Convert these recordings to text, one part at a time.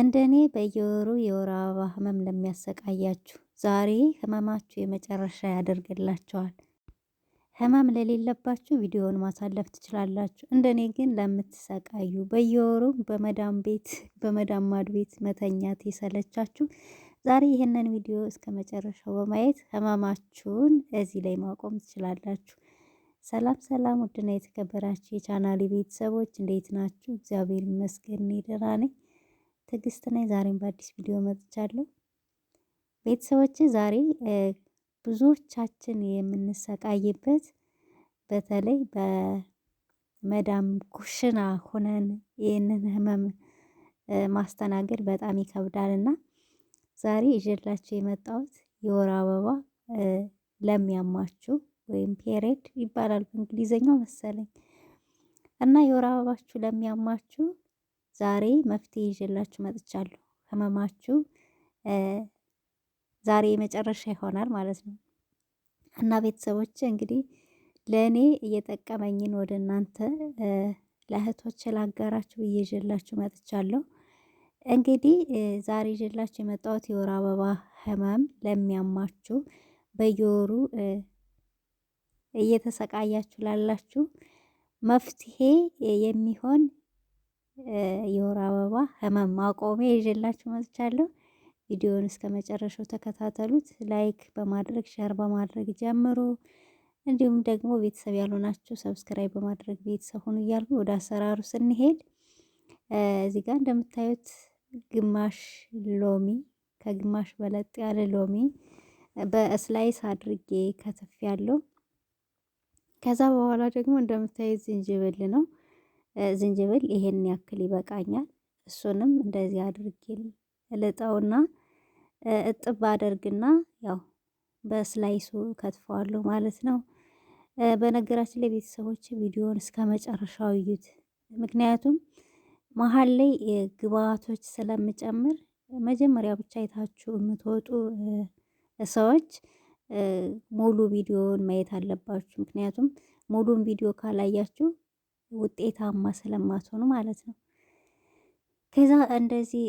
እንደኔ በየወሩ የወር አበባ ህመም ለሚያሰቃያችሁ ዛሬ ህመማችሁ የመጨረሻ ያደርግላችኋል። ህመም ለሌለባችሁ ቪዲዮውን ማሳለፍ ትችላላችሁ። እንደኔ ግን ለምትሰቃዩ በየወሩ በመዳም ቤት በመዳም ማድ ቤት መተኛት የሰለቻችሁ ዛሬ ይህንን ቪዲዮ እስከ መጨረሻው በማየት ህመማችሁን እዚህ ላይ ማቆም ትችላላችሁ። ሰላም ሰላም! ውድና የተከበራችሁ የቻናሌ ቤተሰቦች እንዴት ናችሁ? እግዚአብሔር ይመስገን ደህና ነኝ። ትዕግስት ነኝ። ዛሬም በአዲስ ቪዲዮ መጥቻለሁ። ቤተሰቦች ዛሬ ብዙዎቻችን የምንሰቃይበት በተለይ በመዳም ኩሽና ሆነን ይህንን ህመም ማስተናገድ በጣም ይከብዳል እና ዛሬ ይዤላችሁ የመጣሁት የወር አበባ ለሚያማችሁ ወይም ፔሬድ ይባላል በእንግሊዘኛው መሰለኝ እና የወር አበባችሁ ለሚያማችሁ ዛሬ መፍትሄ ይዤላችሁ መጥቻለሁ። ህመማችሁ ዛሬ የመጨረሻ ይሆናል ማለት ነው እና ቤተሰቦች እንግዲህ ለእኔ እየጠቀመኝን ወደ እናንተ ለእህቶች ላጋራችሁ ብዬ ይዤላችሁ መጥቻለሁ። እንግዲህ ዛሬ ይዤላችሁ የመጣሁት የወር አበባ ህመም ለሚያማችሁ በየወሩ እየተሰቃያችሁ ላላችሁ መፍትሄ የሚሆን የወር አበባ ህመም ማቆሚያ ይዤላችሁ መጥቻለሁ። ቪዲዮውን እስከ መጨረሻው ተከታተሉት። ላይክ በማድረግ ሸር በማድረግ ጀምሩ። እንዲሁም ደግሞ ቤተሰብ ያልሆናችሁ ሰብስክራይብ በማድረግ ቤተሰብ ሁኑ እያልኩ ወደ አሰራሩ ስንሄድ እዚህ ጋር እንደምታዩት ግማሽ ሎሚ ከግማሽ በለጥ ያለ ሎሚ በስላይስ አድርጌ ከትፍ ያለው። ከዛ በኋላ ደግሞ እንደምታዩት ዝንጅብል ነው ዝንጅብል ይሄን ያክል ይበቃኛል። እሱንም እንደዚህ አድርጌ ልጠውና እጥብ አደርግና ያው በስላይሱ ከትፈዋለሁ ማለት ነው። በነገራችን ላይ ቤተሰቦች ቪዲዮውን እስከ መጨረሻው እዩት። ምክንያቱም መሀል ላይ ግብአቶች ስለምጨምር መጀመሪያ ብቻ አይታችሁ የምትወጡ ሰዎች ሙሉ ቪዲዮውን ማየት አለባችሁ። ምክንያቱም ሙሉን ቪዲዮ ካላያችሁ ውጤታማ ስለማትሆኑ ማለት ነው። ከዛ እንደዚህ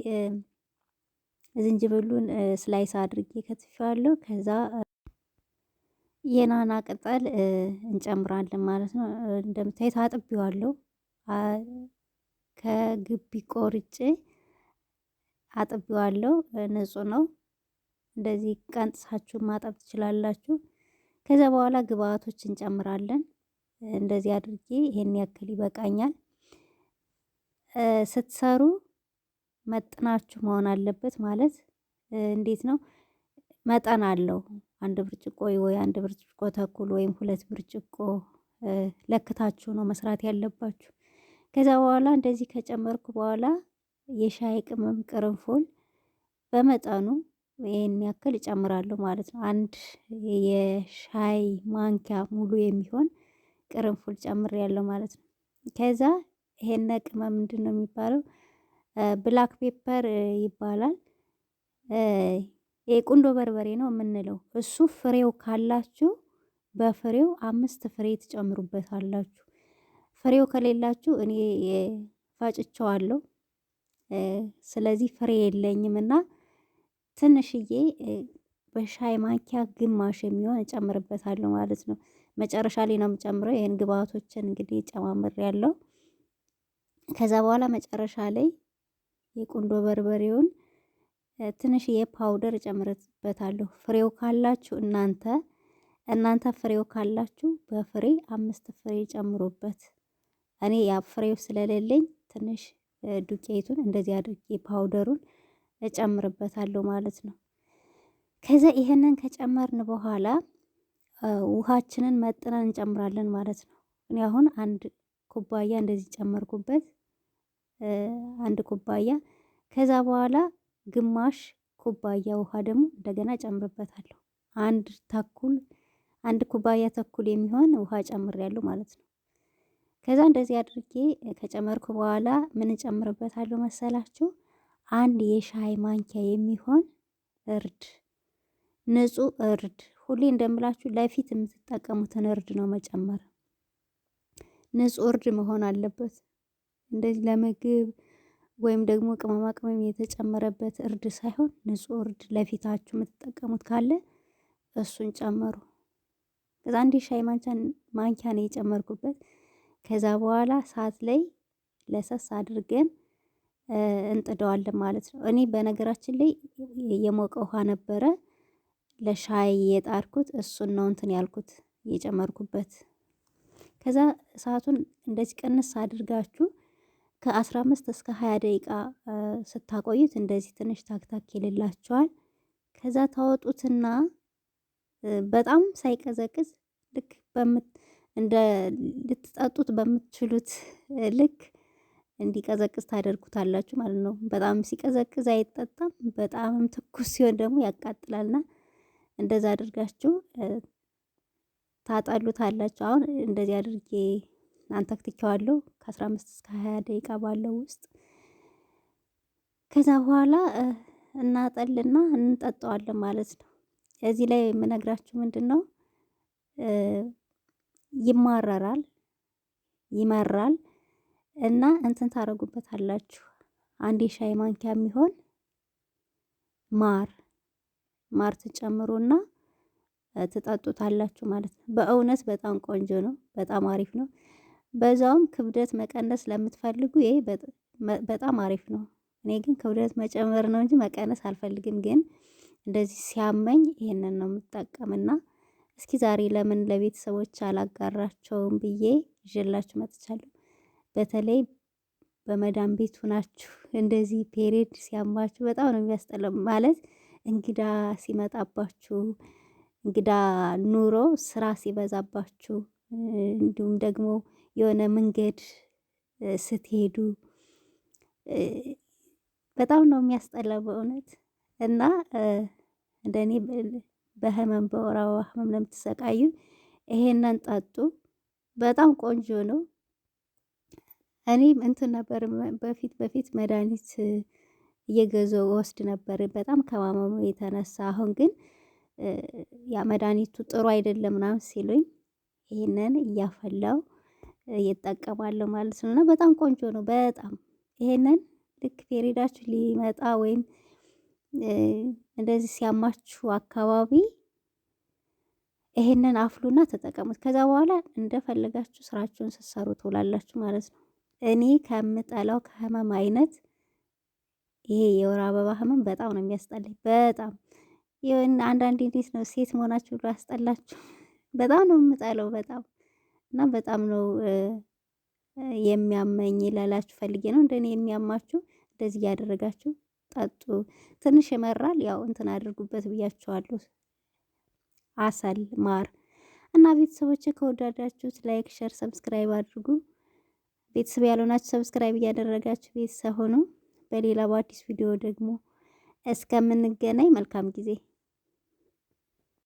ዝንጅብሉን ስላይስ አድርጌ ከትፌዋለሁ። ከዛ የናና ቅጠል እንጨምራለን ማለት ነው። እንደምታዩት አጥቢዋለሁ። ከግቢ ቆርጬ አጥቢዋለሁ። ንጹህ ነው። እንደዚህ ቀንጥሳችሁ ማጠብ ትችላላችሁ። ከዛ በኋላ ግብአቶች እንጨምራለን። እንደዚህ አድርጌ ይሄን ያክል ይበቃኛል። ስትሰሩ መጥናችሁ መሆን አለበት ማለት እንዴት ነው? መጠን አለው። አንድ ብርጭቆ ወይ አንድ ብርጭቆ ተኩል ወይም ሁለት ብርጭቆ ለክታችሁ ነው መስራት ያለባችሁ። ከዛ በኋላ እንደዚህ ከጨመርኩ በኋላ የሻይ ቅመም ቅርንፉል በመጠኑ ይህን ያክል እጨምራለሁ ማለት ነው። አንድ የሻይ ማንኪያ ሙሉ የሚሆን ቅርንፉል ጨምር ያለው ማለት ነው። ከዛ ይሄን ቅመም ምንድን ነው የሚባለው? ብላክ ፔፐር ይባላል። የቁንዶ በርበሬ ነው የምንለው። እሱ ፍሬው ካላችሁ በፍሬው አምስት ፍሬ ትጨምሩበታላችሁ። ፍሬው ከሌላችሁ እኔ ፈጭቸዋለሁ፣ ስለዚህ ፍሬ የለኝም እና ትንሽዬ በሻይ ማንኪያ ግማሽ የሚሆን እጨምርበታለሁ ማለት ነው። መጨረሻ ላይ ነው የምጨምረው። ይህን ግብአቶችን እንግዲህ ጨማምር ያለው ከዛ በኋላ መጨረሻ ላይ የቁንዶ በርበሬውን ትንሽዬ ፓውደር እጨምርበታለሁ። ፍሬው ካላችሁ እናንተ እናንተ ፍሬው ካላችሁ በፍሬ አምስት ፍሬ ጨምሩበት። እኔ ያ ፍሬው ስለሌለኝ ትንሽ ዱቄቱን እንደዚህ አድርጌ ፓውደሩን እጨምርበታለሁ ማለት ነው። ከዛ ይህንን ከጨመርን በኋላ ውሃችንን መጥነን እንጨምራለን ማለት ነው። እኔ አሁን አንድ ኩባያ እንደዚህ ጨመርኩበት። አንድ ኩባያ ከዛ በኋላ ግማሽ ኩባያ ውሃ ደግሞ እንደገና ጨምርበታለሁ። አንድ ተኩል አንድ ኩባያ ተኩል የሚሆን ውሃ ጨምሬያለሁ ማለት ነው። ከዛ እንደዚህ አድርጌ ከጨመርኩ በኋላ ምን እጨምርበታለሁ መሰላችሁ? አንድ የሻይ ማንኪያ የሚሆን እርድ ንጹህ እርድ ሁሌ እንደምላችሁ ለፊት የምትጠቀሙትን እርድ ነው መጨመር። ንጹህ እርድ መሆን አለበት። እንደዚህ ለምግብ ወይም ደግሞ ቅመማ ቅመም የተጨመረበት እርድ ሳይሆን ንጹህ እርድ ለፊታችሁ የምትጠቀሙት ካለ እሱን ጨመሩ። ከዛ አንድ ሻይ ማንኪያ ነው የጨመርኩበት። ከዛ በኋላ ሰዓት ላይ ለሰስ አድርገን እንጥደዋለን ማለት ነው። እኔ በነገራችን ላይ የሞቀ ውሃ ነበረ ለሻይ የጣርኩት እሱን ነው እንትን ያልኩት የጨመርኩበት። ከዛ እሳቱን እንደዚህ ቀንስ አድርጋችሁ ከ15 እስከ 20 ደቂቃ ስታቆዩት እንደዚህ ትንሽ ታክታክ ይልላችኋል። ከዛ ታወጡትና በጣም ሳይቀዘቅዝ ልክ እንደ ልትጠጡት በምትችሉት ልክ እንዲቀዘቅዝ ታደርጉታላችሁ ማለት ነው። በጣም ሲቀዘቅዝ አይጠጣም፣ በጣም ትኩስ ሲሆን ደግሞ ያቃጥላልና እንደዛ አድርጋችሁ ታጠሉታላችሁ አሁን እንደዚህ አድርጌ አንተክትቼዋለሁ ከ15 እስከ 20 ደቂቃ ባለው ውስጥ ከዛ በኋላ እናጠልና እንጠጣዋለን ማለት ነው። እዚህ ላይ የምነግራችሁ ምንድን ነው ይማረራል፣ ይመራል እና እንትን ታደርጉበታላችሁ አንድ የሻይ ማንኪያ የሚሆን ማር ማር ትጨምሩና ትጠጡታላችሁ ማለት ነው። በእውነት በጣም ቆንጆ ነው። በጣም አሪፍ ነው። በዛውም ክብደት መቀነስ ለምትፈልጉ ይሄ በጣም አሪፍ ነው። እኔ ግን ክብደት መጨመር ነው እንጂ መቀነስ አልፈልግም። ግን እንደዚህ ሲያመኝ ይሄንን ነው የምጠቀምና እስኪ ዛሬ ለምን ለቤተሰቦች አላጋራቸውም ብዬ ይዤላችሁ መጥቻለሁ። በተለይ በመዳን ቤቱ ናችሁ እንደዚህ ፔሬድ ሲያማችሁ በጣም ነው የሚያስጠላው ማለት እንግዳ ሲመጣባችሁ፣ እንግዳ ኑሮ ስራ ሲበዛባችሁ፣ እንዲሁም ደግሞ የሆነ መንገድ ስትሄዱ በጣም ነው የሚያስጠላው በእውነት እና እንደኔ በህመም በወር አበባ ህመም ለምትሰቃዩ ይሄንን ጠጡ። በጣም ቆንጆ ነው። እኔም እንትን ነበር በፊት በፊት መድኃኒት እየገዛሁ ወስድ ነበር በጣም ከማመሙ የተነሳ አሁን ግን ያ መድኃኒቱ ጥሩ አይደለም ምናምን ሲሉኝ ይህንን እያፈላው እየጠቀማለሁ ማለት ነው። እና በጣም ቆንጆ ነው። በጣም ይህንን ልክ ፔሬዳችሁ ሊመጣ ወይም እንደዚህ ሲያማችሁ አካባቢ ይሄንን አፍሉና ተጠቀሙት። ከዛ በኋላ እንደፈለጋችሁ ስራችሁን ስትሰሩ ትውላላችሁ ማለት ነው። እኔ ከምጠላው ከህመም አይነት ይሄ የወር አበባ ህመም በጣም ነው የሚያስጠላኝ። በጣም ይሄን አንዳንዴ እንዴት ነው ሴት መሆናችሁ ብሎ ያስጠላችሁ። በጣም ነው የምጠለው በጣም እና በጣም ነው የሚያመኝ ላላችሁ ፈልጌ ነው። እንደኔ የሚያማችሁ እንደዚህ እያደረጋችሁ ጠጡ። ትንሽ ይመራል። ያው እንትን አድርጉበት ብያችኋለሁ። አሰል ማር እና ቤተሰቦች ከወዳዳችሁት ላይክ፣ ሸር፣ ሰብስክራይብ አድርጉ። ቤተሰብ ያልሆናችሁ ሰብስክራይብ እያደረጋችሁ ቤተሰብ ሆኑ። በሌላ በአዲስ ቪዲዮ ደግሞ እስከምንገናኝ መልካም ጊዜ